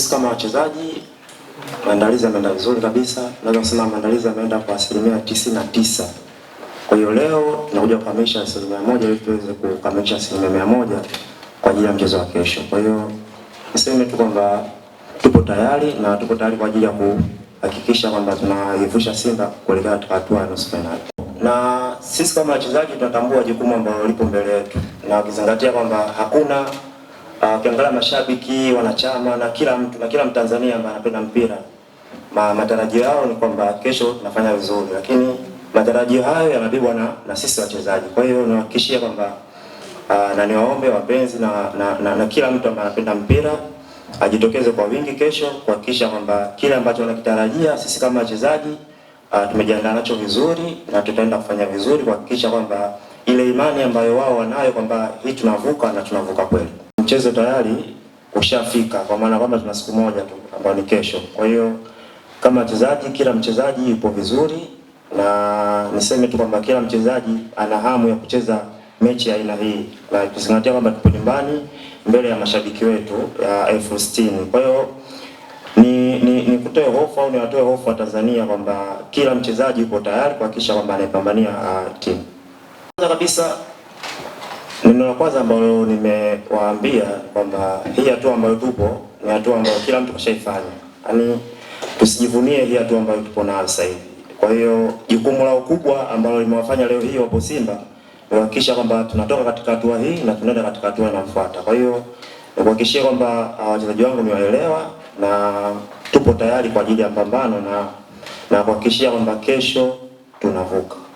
Sisi kama wachezaji, maandalizi yameenda vizuri kabisa, naweza kusema maandalizi yameenda kwa asilimia tisini na tisa. Kwa hiyo leo tunakuja kukamilisha asilimia moja ili tuweze kukamilisha asilimia mia moja kwa ajili ya mchezo wa kesho. Kwa hiyo niseme tu kwamba tupo tayari na tupo tayari kwa ajili ya kuhakikisha kwamba tunaivusha Simba kuelekea katika hatua ya nusu fainali, na sisi kama wachezaji tunatambua jukumu ambalo lipo mbele yetu na ukizingatia kwamba hakuna Ah, ukiangalia uh, mashabiki, wanachama na kila mtu na kila Mtanzania ambaye anapenda mpira ma, matarajio yao ni kwamba kesho tunafanya vizuri, lakini matarajio hayo yanabebwa na, na sisi wachezaji. Kwa hiyo nawahakikishia kwamba uh, na niwaombe wapenzi na, na, na, na kila mtu ambaye anapenda mpira ajitokeze kwa wingi kesho kuhakikisha kwamba kile ambacho wanakitarajia sisi kama wachezaji uh, tumejiandaa nacho vizuri na tutaenda kufanya vizuri kuhakikisha kwamba ile imani ambayo wao wanayo kwamba hii tunavuka na tunavuka kweli mchezo tayari ushafika, kwa maana kwamba tuna siku moja tu ambayo ni kesho. Kwa hiyo kama wachezaji, kila mchezaji yupo vizuri, na niseme tu kwamba kila mchezaji ana hamu ya kucheza mechi ya aina hii, na tuzingatia kwamba tupo nyumbani mbele ya mashabiki wetu ya elfu sitini. Kwa hiyo ni, ni, ni kutoe hofu au ni watoe hofu wa Tanzania kwamba kila mchezaji yupo tayari kuhakikisha kwamba anaipambania uh, timu. Kwanza kabisa Neno la kwanza ambalo nimewaambia kwamba hii hatua ambayo tupo ni hatua ambayo kila mtu kashaifanya, yaani tusijivunie hii hatua ambayo tupo nayo sasa hivi. Kwa hiyo jukumu lao kubwa ambalo limewafanya leo hii wapo Simba ni kuhakikisha kwamba tunatoka katika hatua hii na tunaenda katika hatua inayofuata. Kwa hiyo ni kuhakikishia kwamba uh, wachezaji wangu ni waelewa na tupo tayari kwa ajili ya pambano na na kuhakikishia kwamba kesho tunavuka.